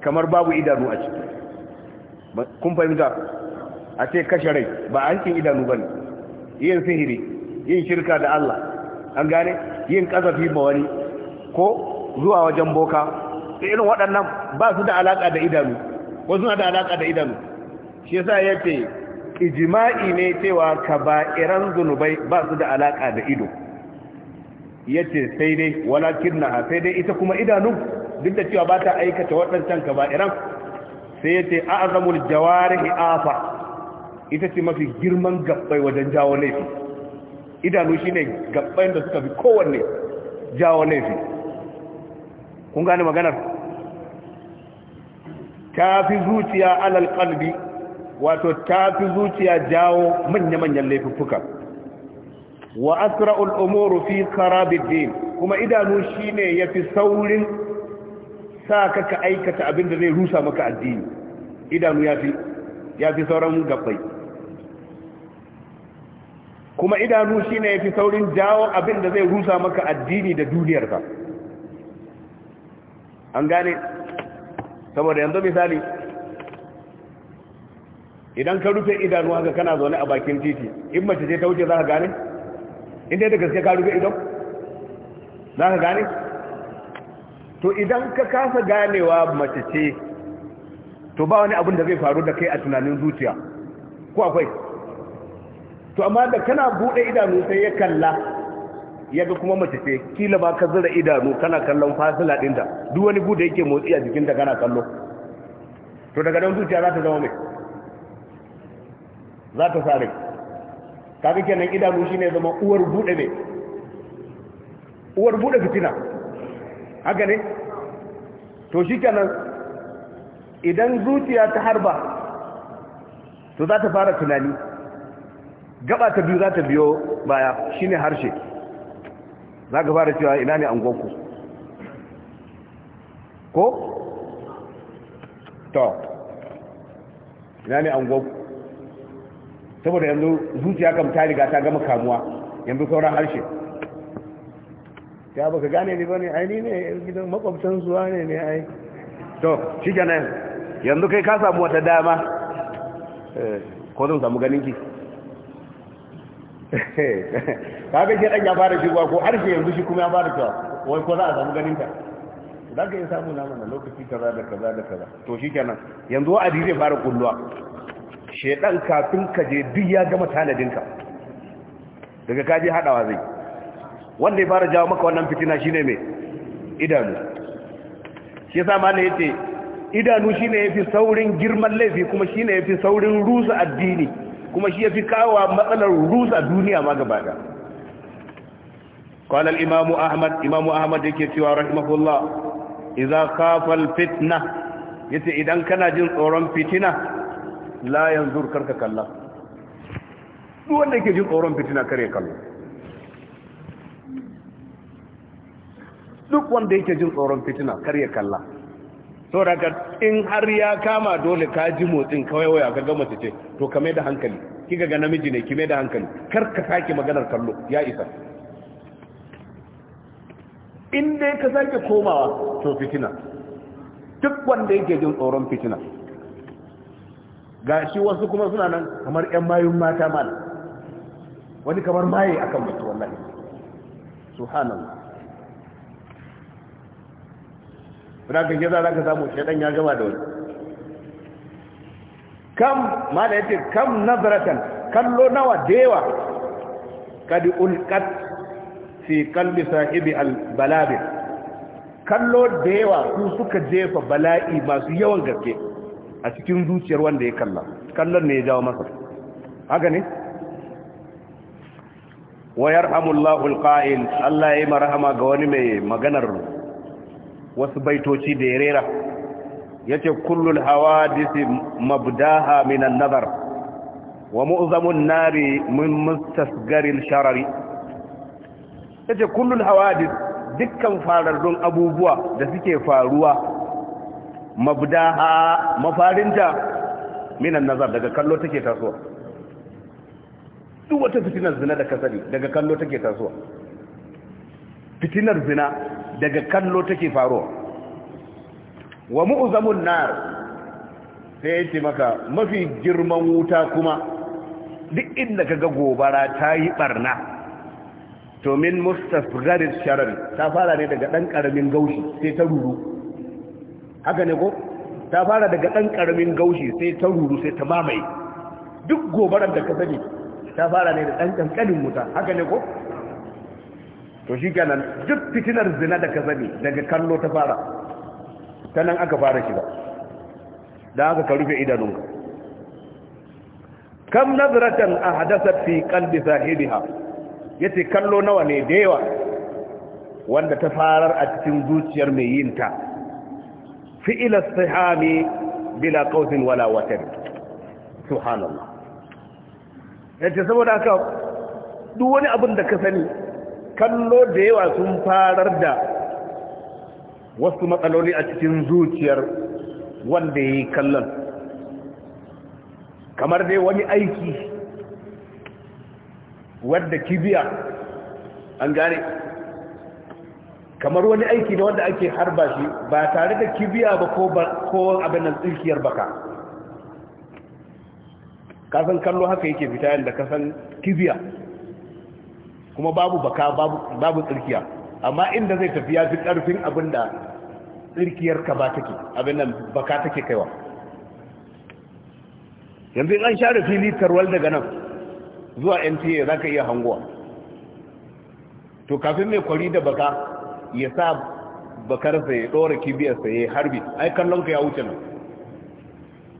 Speaker 1: kamar babu idanu a ciki kun fahimta a ce kashe rai ba hankin idanu ba ne yin sihiri yin shirka da Allah an gane yin kazafi ma wani ko zuwa wajen boka irin waɗannan ba su da alaka da idanu ko suna da alaka da idanu shi yasa ya ce ijima'i ne cewa kaba'iran zunubai ba su da alaka da ido ya ce sai dai walakin na sai dai ita kuma idanu duk da cewa ba ta aikata waɗancan kaba'iran sai ya ce a'azamul jawarihi afa ita ce mafi girman gabbai wajen jawo laifi idanu shi ne gabbai da suka fi kowanne jawo laifi kun gane maganar ta fi zuciya alal kalbi wato ta fi zuciya jawo manya-manyan laifuffuka wa asra'ul umuru fi kharabiddin kuma idanu shine yafi saurin sa ka ka aikata abin da zai rusa maka addini idanu yafi yafi sauran gabbai kuma idanu shine yafi saurin jawo abin da zai rusa maka addini da duniyarka an gane saboda yanzu misali idan ka rufe idanu haka kana zaune a bakin titi in mace ce ta wuce za ka gane in dai da gaske ka rufe idan za ka gane to idan ka kasa ganewa mace ce to ba wani abin da zai faru da kai a tunanin zuciya ko akwai to amma da kana bude idanu sai ya kalla ya ga kuma mace ce kila ba ka zura idanu kana kallon fasila dinta duk wani bude yake motsi a jikinta kana kallo to daga nan zuciya za ta zama mai za ta sare kaga kenan idanu shine zama uwar bude ne uwar bude fitina haka ne to shikenan idan zuciya ta harba to za ta fara tunani gaba ta biyu za ta biyo baya shine harshe za ka fara cewa ina ne goku ko to ina ne goku saboda yanzu zuciya kam ta riga ta gama kamuwa yanzu sauran harshe ya baka gane ne bane ai ni ne gidan makwabtan zuwa ne ne ai to shikenan yanzu kai ka samu wata dama eh, ko zan samu ganin ki ga shi dan ya fara shigowa ko harshe yanzu shi kuma ya fara cewa wai ko za a samu ganin ka za ka iya samu na mana lokaci kaza da kaza da kaza to kenan yanzu wa'adi zai fara kulluwa shaidan kafin ka je duk ya gama tanadinka daga kaji hadawa zai wanda ya fara jawo maka wannan fitina shine mai idanu shi yasa ma ne yace idanu shine yafi saurin girman laifi kuma shine yafi saurin rusa addini kuma shi yafi kawo matsalar rusa duniya ma gaba da قال Ahmad أحمد إمام أحمد يكتوى رحمه الله fitna yace idan kana jin tsoron fitina la yanzur karka kalla duk wanda yake jin tsoron fitina kare kallo duk wanda yake jin tsoron fitina kare kalla so daga in har ya kama dole ka ji motsin kawai waya ga gama ce to ka mai da hankali kika ga namiji ne ki mai da hankali kar ka sake maganar kallo ya isa in dai ka sake komawa to fitina duk wanda yake jin tsoron fitina ga shi wasu kuma suna nan kamar 'yan mayun mata mal wani kamar maye akan mutu wallahi subhanallah suna kan gaza za ka samu shaɗan ya gama da wani kam ma da yake kam nazaratan kallo nawa dewa yawa kadi ulkat fi kalli sahibi albalabin kallo da yawa su suka jefa bala'i masu yawan gaske a cikin zuciyar wanda ya kalla kallon ne ya jawo masa haka ne wa yarhamullahu alqa'il Allah ya yi marhama ga wani mai maganar wasu baitoci da ya rera yace kullul hawadisi mabdaha minan nazar wa mu'zamun nari min mustasgaril sharari yace kullul hawadis dukkan fararrun abubuwa da suke faruwa mabdaha mafarinta minan nazar daga kallo take tasowa duk wata fitinar zina da kasari daga kallo take tasowa fitinar zina daga kallo take faruwa wa mu'zamun nar sai yace maka mafi girman wuta kuma duk inda kaga gobara ta yi barna to min mustasgharish sharar ta fara ne daga dan karamin gaushi sai ta ruru haka ne ko ta fara daga ɗan ƙaramin gaushi sai ta ruru sai ta mamaye duk gobarar da ka sani ta fara ne da ɗan ƙanƙanin wuta haka ne ko to shi kenan duk fitinar zina da ka sani daga kallo ta fara ta nan aka fara shiga da haka ka rufe idanunka kam nazratan ahdathat fi qalbi sahibiha yace kallo nawa ne da yawa wanda ta farar a cikin zuciyar mai yin ta fi'il as بلا bila ولا وتر سبحان الله yace saboda haka duk wani abin da ka sani kallo da yawa sun farar da wasu matsaloli a cikin zuciyar wanda ya kallon kamar dai wani aiki wadda kibiya an gane kamar wani aiki ne wanda ake harba shi ba tare da kibiya ba ko abin nan tsirkiyar baka kasan kallo haka yake fita yadda kasan kibiya kuma babu baka babu tsirkiya amma inda zai tafi ya fi ƙarfin abin da tsirkiyar ka ba take abin nan baka take kaiwa yanzu an share fili tarwal daga nan zuwa nta za ka iya hangowa to kafin mai kwari da baka ya sa bakarsa ya ɗora kibiyarsa ya harbi ai kallon ka ya wuce nan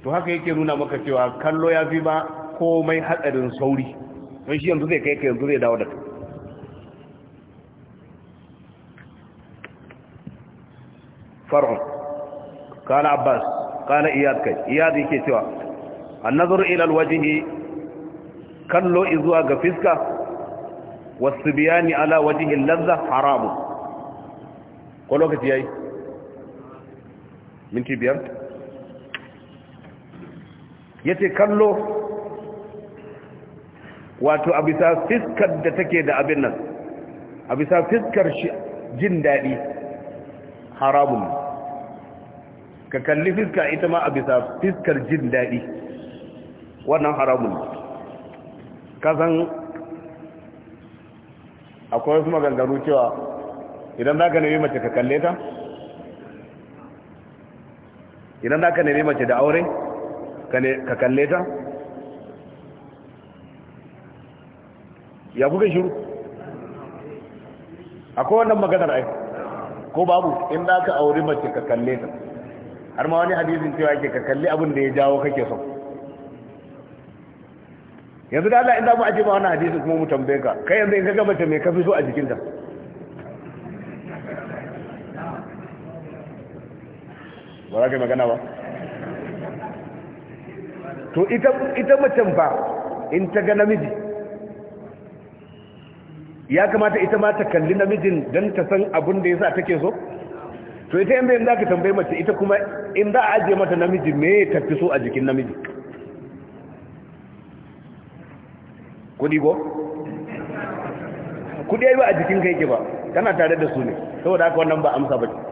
Speaker 1: to haka yake nuna maka cewa kallo ya fi ba komai hatsarin sauri don shi yanzu zai kai ka yanzu zai dawo da kai far'un kana abbas kana iyad kai iyad yake cewa annazuru ila alwajhi kallo izuwa ga fiska wasbiyani ala wajhi ladha haramun ko lokaci yayi minti biyar yace kallo wato abisa fiskar da take da abin nan a bisa shi jin daɗi haramun ka kalli fiska ita ma a bisa fiskar jin daɗi wannan haramun ka san akwai wasu maganganu cewa idan za ka nemi mace ka kalle ta idan za ka nemi mace da aure ka kalle ta ya kuka shiru akwai wannan maganar ai ko babu in za ka aure mace ka kalle ta har ma wani hadisin cewa ke ka kalli abin da ya jawo kake so yanzu da Allah in za mu aje ma wani hadisin kuma mu tambaye ka kai yanzu in ka ga mace mai kafi so a jikinta ba za ka magana ba to ita macen ba in ta ga namiji ya kamata ita ma ta kalli namijin don ta san abin da ya sa take so to ita yanda za ka tambayi mace ita kuma in za a ajiye mata namiji me tafi so a jikin namiji kudi ko? kudi ya yi ba a jikin kai ke ba Kana tare da su ne saboda haka wannan ba amsa ba ce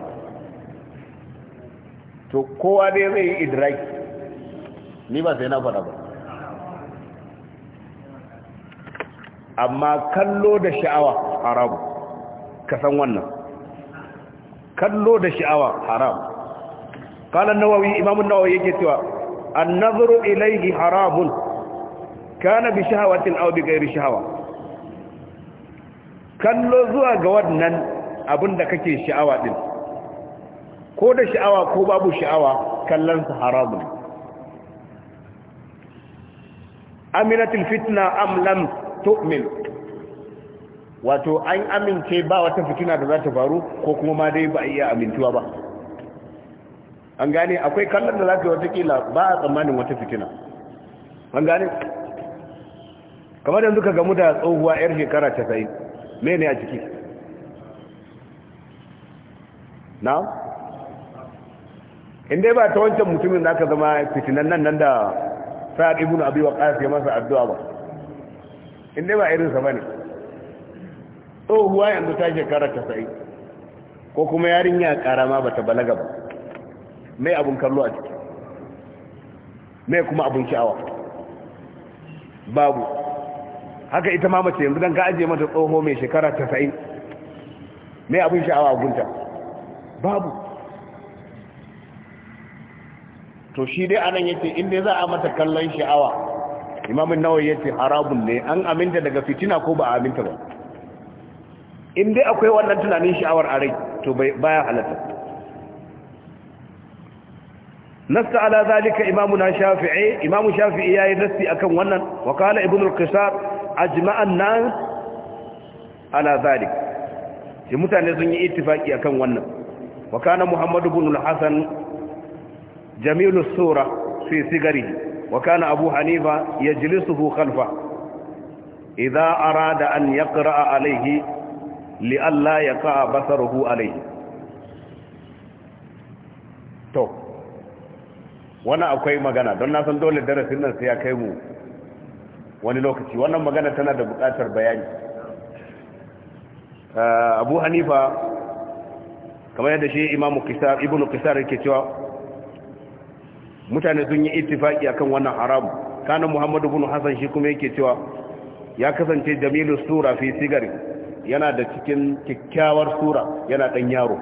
Speaker 1: to kowa dai zai yi idraki ni ba sai na faɗa ba amma kallo da sha'awa haramu ka san wannan kallo da sha'awa haram qala nawawi imam nawawi yake cewa an nazaru ilaihi haramun kana bi shahawatin aw bi ghairi shahawa kallo zuwa ga wannan abinda kake sha'awa din ko da sha'awa ko babu sha'awa kallonsa haramun aminatul fitna am lam tu'min wato an amince ba wata fitina da za ta faru ko kuma ma dai ba a iya amintuwa ba an gane akwai kallon da za ka yi watakila ba a tsammanin wata fitina an gane kamar yanzu ka gamu da tsohuwa 'yar shekara ta sai mene a ciki na? inda ba ta wancan mutumin da aka zama fitinan nan nan da sa'ad ibn abi waqas ya masa addu'a ba inda ba irinsa bane huwa yanzu ta shekara 90 ko kuma yarinya karama bata balaga ba mai abun kallo a ciki mai kuma abun sha'awa babu haka ita ma mace yanzu dan ka aje mata tsoho mai shekara 90 mai abun sha'awa gunta babu to shi dai anan yace in dai za a mata kallon sha'awa imamin ya yace harabun ne an aminta daga fitina ko ba a aminta ba in dai akwai wannan tunanin sha'awar a rai to baya halatta nasta ala zalika na shafi'i imamu shafi'i yi nasti akan wannan wakala qala ibn al-qisar ajma'an nas ala zalik sai mutane sun yi ittifaki akan wannan wakana Muhammadu muhammad al-hasan جميل الصورة في سجره وكان أبو حنيفة يجلسه خلفه إذا أراد أن يقرأ عليه لئلا يقع بصره عليه to wani akwai magana don na san dole darasin nan sai ya kai mu wani lokaci wannan magana tana da buƙatar bayani eh, abu hanifa kamar yadda shi imamu kisar ibn kisar yake cewa mutane sun yi ittifaki akan wannan haramu kana muhammadu bin hasan shi kuma yake cewa ya kasance jamilu sura fi sigari yana da cikin kyakkyawar sura yana dan yaro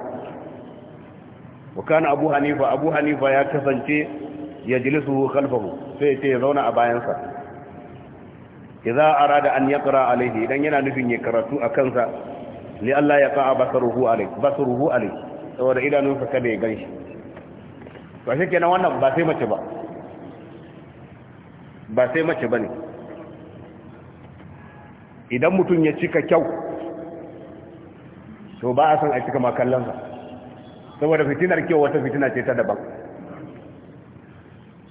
Speaker 1: wa kana abu hanifa abu hanifa ya kasance ya jilisu khalfahu sai ya ce ya zauna a bayansa idza arada an yaqra alayhi idan yana nufin ya karatu a kansa li Allah ya qa'a basaruhu alaihi basaruhu saboda idanunsa kada ya ganshi ba shi kenan wannan ba sai mace ba ba sai mace ba ne idan mutum ya cika kyau to ba a san a cika makallonsa saboda fitinar kyau wata fitina ce ta daban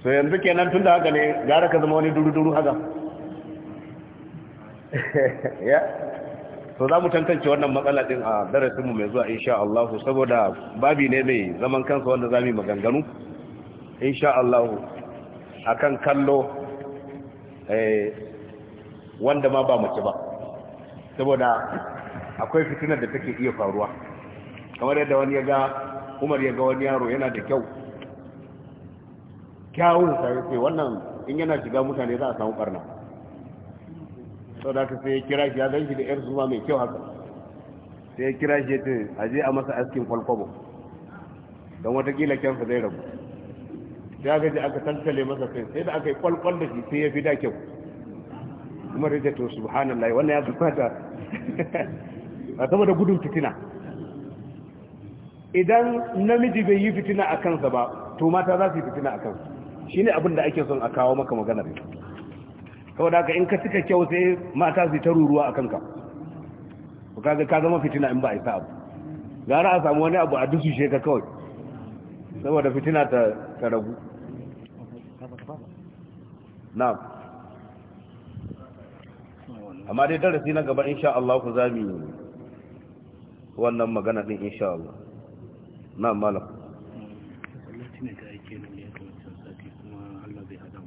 Speaker 1: so yanzu kenan tun da haka ne gara ka zama wani duru-duru haka to za mu tantance wannan matsala din a darasinmu mai zuwa insha Allah saboda babi ne mai zaman kansa wanda za mu yi maganganu insha Allah akan kallo eh, wanda ma ba mace ba saboda akwai fitinar da take iya faruwa kamar yadda wani ya ga umar ya ga wani yaro yana da kyau kyawun sai wannan in yana shiga mutane za a samu barna sau da ka sai ya kira shi ya zan shi da 'yar zuwa mai kyau haka sai ya kira shi ya ce a je a masa askin kwalkwabo don watakila kyansa zai rabu ya gaji aka tantale masa kai sai da aka yi kwalkwal da shi sai ya fi da kyau kuma da to subhanallah wannan ya kamata a sama da gudun fitina idan namiji bai yi fitina a kansa ba to mata za su yi fitina a kansa shine abin da ake son a kawo maka maganar saboda haka in ka cika kyau sai mata su ta ruruwa a kanka to kaga ka zama fitina in ba a yi abu gara a samu wani abu a dusu ka kawai saboda fitina ta ta ragu na amma dai darasi na gaba insha Allah ku zami wannan magana din insha Allah na malam